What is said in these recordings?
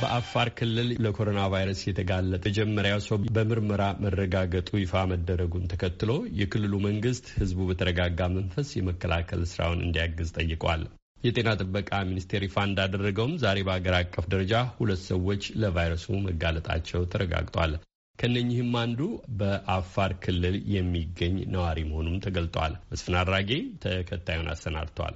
በአፋር ክልል ለኮሮና ቫይረስ የተጋለጠ መጀመሪያው ሰው በምርመራ መረጋገጡ ይፋ መደረጉን ተከትሎ የክልሉ መንግስት ህዝቡ በተረጋጋ መንፈስ የመከላከል ስራውን እንዲያግዝ ጠይቋል። የጤና ጥበቃ ሚኒስቴር ይፋ እንዳደረገውም ዛሬ በአገር አቀፍ ደረጃ ሁለት ሰዎች ለቫይረሱ መጋለጣቸው ተረጋግጧል። ከነኚህም አንዱ በአፋር ክልል የሚገኝ ነዋሪ መሆኑም ተገልጧል። መስፍን አድራጌ ተከታዩን አሰናድቷል።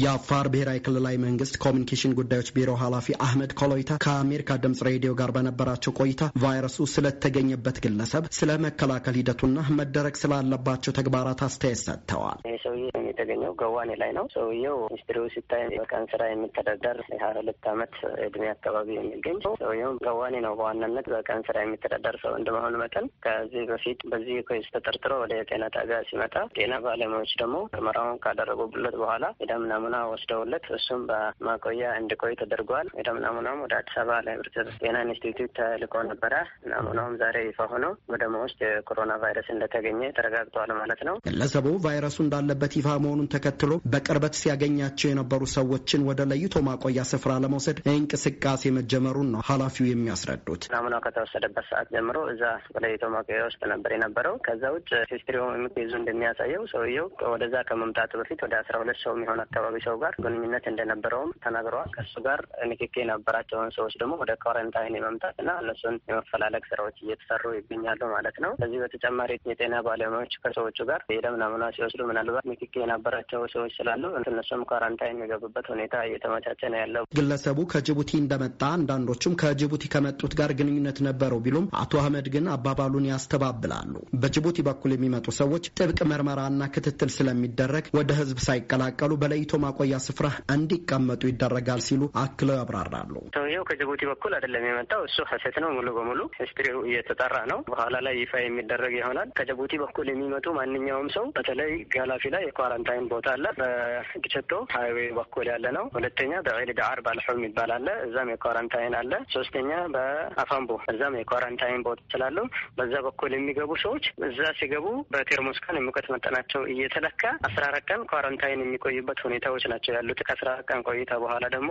የአፋር ብሔራዊ ክልላዊ መንግስት ኮሚኒኬሽን ጉዳዮች ቢሮ ኃላፊ አህመድ ኮሎይታ ከአሜሪካ ድምጽ ሬዲዮ ጋር በነበራቸው ቆይታ ቫይረሱ ስለተገኘበት ግለሰብ፣ ስለ መከላከል ሂደቱና መደረግ ስላለባቸው ተግባራት አስተያየት ሰጥተዋል። ይህ ሰውዬ የተገኘው ገዋኔ ላይ ነው። ሰውየው ሚኒስትሪው ሲታይ በቀን ስራ የሚተዳደር የሀያ ሁለት አመት እድሜ አካባቢ የሚገኝ ሰውየው ገዋኔ ነው። በዋናነት በቀን ስራ የሚተዳደር ሰው እንደመሆኑ መጠን ከዚህ በፊት በዚህ ኬዝ ተጠርጥሮ ወደ የጤና ጣቢያ ሲመጣ ጤና ባለሙያዎች ደግሞ ምርመራውን ካደረጉለት በኋላ ደምና ናሙና ወስደውለት እሱም በማቆያ እንዲቆይ ተደርጓል። የደም ናሙናውም ወደ አዲስ አበባ ለህብረተሰብ ጤና ኢንስቲትዩት ተልኮ ነበረ። ናሙናውም ዛሬ ይፋ ሆኖ በደም ውስጥ የኮሮና ቫይረስ እንደተገኘ ተረጋግጧል ማለት ነው። ግለሰቡ ቫይረሱ እንዳለበት ይፋ መሆኑን ተከትሎ በቅርበት ሲያገኛቸው የነበሩ ሰዎችን ወደ ለይቶ ማቆያ ስፍራ ለመውሰድ እንቅስቃሴ መጀመሩን ነው ኃላፊው የሚያስረዱት። ናሙናው ከተወሰደበት ሰዓት ጀምሮ እዛ በለይቶ ማቆያ ውስጥ ነበር የነበረው። ከዛ ውጭ ሂስትሪ የሚይዙ እንደሚያሳየው ሰውየው ወደዛ ከመምጣቱ በፊት ወደ አስራ ሁለት ሰው የሚሆን አካባቢ አካባቢ ሰው ጋር ግንኙነት እንደነበረውም ተናግረዋል። ከእሱ ጋር ንክኪ የነበራቸውን ሰዎች ደግሞ ወደ ኮረንታይን የመምጣት እና እነሱን የመፈላለግ ስራዎች እየተሰሩ ይገኛሉ ማለት ነው። ከዚህ በተጨማሪ የጤና ባለሙያዎች ከሰዎቹ ጋር የደም ናሙና ሲወስዱ ምናልባት ንክኪ የነበራቸው ሰዎች ስላሉ እነሱም ኮረንታይን የሚገቡበት ሁኔታ እየተመቻቸ ነው ያለው። ግለሰቡ ከጅቡቲ እንደመጣ አንዳንዶቹም ከጅቡቲ ከመጡት ጋር ግንኙነት ነበረው ቢሉም አቶ አህመድ ግን አባባሉን ያስተባብላሉ። በጅቡቲ በኩል የሚመጡ ሰዎች ጥብቅ ምርመራና ክትትል ስለሚደረግ ወደ ህዝብ ሳይቀላቀሉ በለይቶ ማቆያ ስፍራ እንዲቀመጡ ይደረጋል ሲሉ አክለው ያብራራሉ። ሰውየው ከጅቡቲ በኩል አይደለም የመጣው እሱ ሀሰት ነው። ሙሉ በሙሉ ሂስትሪው እየተጠራ ነው። በኋላ ላይ ይፋ የሚደረግ ይሆናል። ከጅቡቲ በኩል የሚመጡ ማንኛውም ሰው በተለይ ጋላፊ ላይ የኳራንታይን ቦታ አለ። በግቸቶ ሀይዌ በኩል ያለ ነው። ሁለተኛ በዒል ዳዓር ባልሑም ይባላል። እዛም የኳራንታይን አለ። ሶስተኛ በአፋምቦ እዛም የኳራንታይን ቦታ ስላለው በዛ በኩል የሚገቡ ሰዎች እዛ ሲገቡ በቴርሞስካን የሙቀት መጠናቸው እየተለካ አስራ አራት ቀን ኳራንታይን የሚቆዩበት ሁኔታ ሰዎች ናቸው ያሉት። ከስራ ቀን ቆይታ በኋላ ደግሞ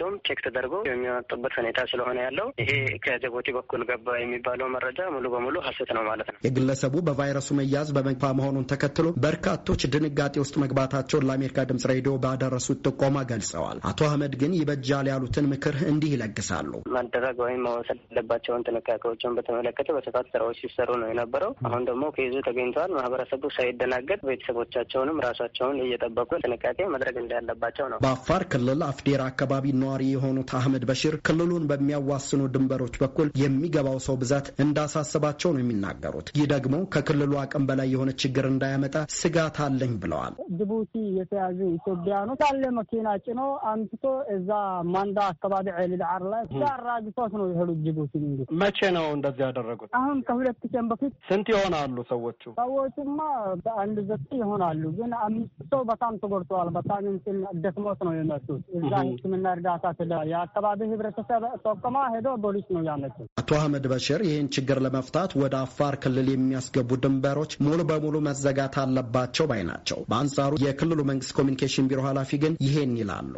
ደም ቼክ ተደርጎ የሚመጡበት ሁኔታ ስለሆነ ያለው ይሄ ከጅቡቲ በኩል ገባ የሚባለው መረጃ ሙሉ በሙሉ ሀሰት ነው ማለት ነው። የግለሰቡ በቫይረሱ መያዝ በመግፋ መሆኑን ተከትሎ በርካቶች ድንጋጤ ውስጥ መግባታቸውን ለአሜሪካ ድምጽ ሬዲዮ ባደረሱት ጥቆማ ገልጸዋል። አቶ አህመድ ግን ይበጃል ያሉትን ምክር እንዲህ ይለግሳሉ። መደረግ ወይም መወሰድ ያለባቸውን ጥንቃቄዎችን በተመለከተ በስፋት ስራዎች ሲሰሩ ነው የነበረው። አሁን ደግሞ ከይዙ ተገኝተዋል። ማህበረሰቡ ሳይደናገጥ ቤተሰቦቻቸውንም ራሳቸውን እየጠበቁ ጥንቃቄ መድረግ እንዳለባቸው ነው። በአፋር ክልል አፍዴራ አካባቢ ነዋሪ የሆኑት አህመድ በሽር ክልሉን በሚያዋስኑ ድንበሮች በኩል የሚገባው ሰው ብዛት እንዳሳሰባቸው ነው የሚናገሩት። ይህ ደግሞ ከክልሉ አቅም በላይ የሆነ ችግር እንዳያመጣ ስጋት አለኝ ብለዋል። ጅቡቲ የተያዙ ኢትዮጵያኖች ያለ መኪና ጭኖ አንስቶ እዛ ማንዳ አካባቢ ዒልልዓር ላይ አራግቶት ነው የሄዱት ጅቡቲ። እንግዲህ መቼ ነው እንደዚህ ያደረጉት? አሁን ከሁለት ቀን በፊት። ስንት ይሆናሉ ሰዎቹ? ሰዎቹማ በአንድ ዘጠኝ ይሆናሉ፣ ግን አምስት ሰው በጣም ተጎድተዋል። ተጎድተዋል። በጣም ደክሞት ነው የመጡት። እዛ ሕክምና እርዳታ ስለ የአካባቢ ህብረተሰብ ጠቁማ ሄዶ ፖሊስ ነው ያመጡት። አቶ አህመድ በሽር ይህን ችግር ለመፍታት ወደ አፋር ክልል የሚያስገቡ ድንበሮች ሙሉ በሙሉ መዘጋት አለባቸው ባይ ናቸው። በአንጻሩ የክልሉ መንግስት ኮሚኒኬሽን ቢሮ ኃላፊ ግን ይሄን ይላሉ።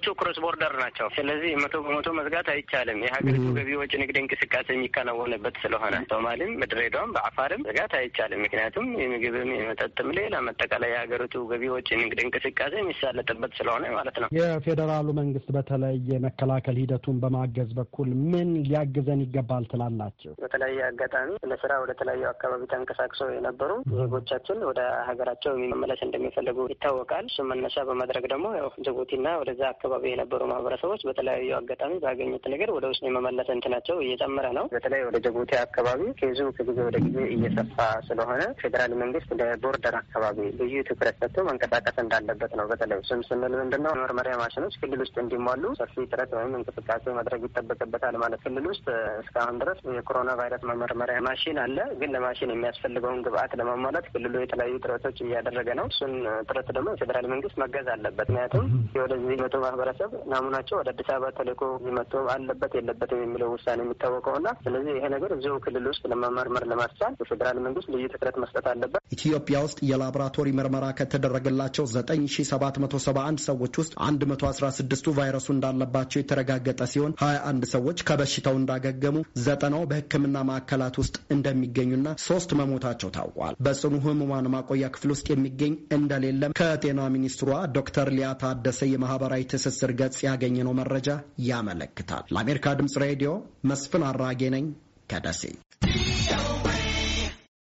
ሀገሮቹ ክሮስ ቦርደር ናቸው። ስለዚህ መቶ በመቶ መዝጋት አይቻልም። የሀገሪቱ ገቢዎች ንግድ እንቅስቃሴ የሚከናወንበት ስለሆነ ሶማሌም፣ ድሬዳዋም፣ በአፋርም መዝጋት አይቻልም። ምክንያቱም የምግብም የመጠጥም ሌላ መጠቃላይ የሀገሪቱ ገቢዎች ንግድ እንቅስቃሴ የሚሳለጥበት ስለሆነ ማለት ነው። የፌዴራሉ መንግስት በተለይ የመከላከል ሂደቱን በማገዝ በኩል ምን ሊያግዘን ይገባል ትላላቸው? በተለያየ አጋጣሚ ለስራ ወደ ተለያዩ አካባቢ ተንቀሳቅሰው የነበሩ ዜጎቻችን ወደ ሀገራቸው መመለስ እንደሚፈልጉ ይታወቃል። እሱ መነሻ በማድረግ ደግሞ ጅቡቲና ወደዛ አካባቢ አካባቢ የነበሩ ማህበረሰቦች በተለያዩ አጋጣሚ ባገኙት ነገር ወደ ውስጥ የመመለስ እንትናቸው እየጨመረ ነው። በተለይ ወደ ጅቡቲ አካባቢ ኬዙ ከጊዜ ወደ ጊዜ እየሰፋ ስለሆነ ፌዴራል መንግስት ለቦርደር አካባቢ ልዩ ትኩረት ሰጥቶ መንቀሳቀስ እንዳለበት ነው። በተለይ ስም ስንል ምንድነው መርመሪያ ማሽኖች ክልል ውስጥ እንዲሟሉ ሰፊ ጥረት ወይም እንቅስቃሴ ማድረግ ይጠበቅበታል። ማለት ክልል ውስጥ እስካሁን ድረስ የኮሮና ቫይረስ መመርመሪያ ማሽን አለ። ግን ለማሽን የሚያስፈልገውን ግብአት ለማሟላት ክልሉ የተለያዩ ጥረቶች እያደረገ ነው። እሱን ጥረት ደግሞ የፌዴራል መንግስት መገዝ አለበት። ምክንያቱም ወደዚህ መቶ ማህበረሰብ ናሙናቸው ወደ አዲስ አበባ ተልኮ ሊመጡ አለበት የለበትም የሚለው ውሳኔ የሚታወቀው እና ስለዚህ ይሄ ነገር እዚሁ ክልል ውስጥ ለመመርመር ለማስቻል የፌዴራል መንግስት ልዩ ትኩረት መስጠት አለበት። ኢትዮጵያ ውስጥ የላቦራቶሪ ምርመራ ከተደረገላቸው ዘጠኝ ሺ ሰባት መቶ ሰባ አንድ ሰዎች ውስጥ አንድ መቶ አስራ ስድስቱ ቫይረሱ እንዳለባቸው የተረጋገጠ ሲሆን ሀያ አንድ ሰዎች ከበሽታው እንዳገገሙ ዘጠናው በሕክምና ማዕከላት ውስጥ እንደሚገኙና ሶስት መሞታቸው ታውቋል። በጽኑ ህሙማን ማቆያ ክፍል ውስጥ የሚገኝ እንደሌለም ከጤና ሚኒስትሯ ዶክተር ሊያ ታደሰ የማህበራዊ ትስስ የትስስር ገጽ ያገኘነው መረጃ ያመለክታል። ለአሜሪካ ድምፅ ሬዲዮ መስፍን አራጌ ነኝ ከደሴ።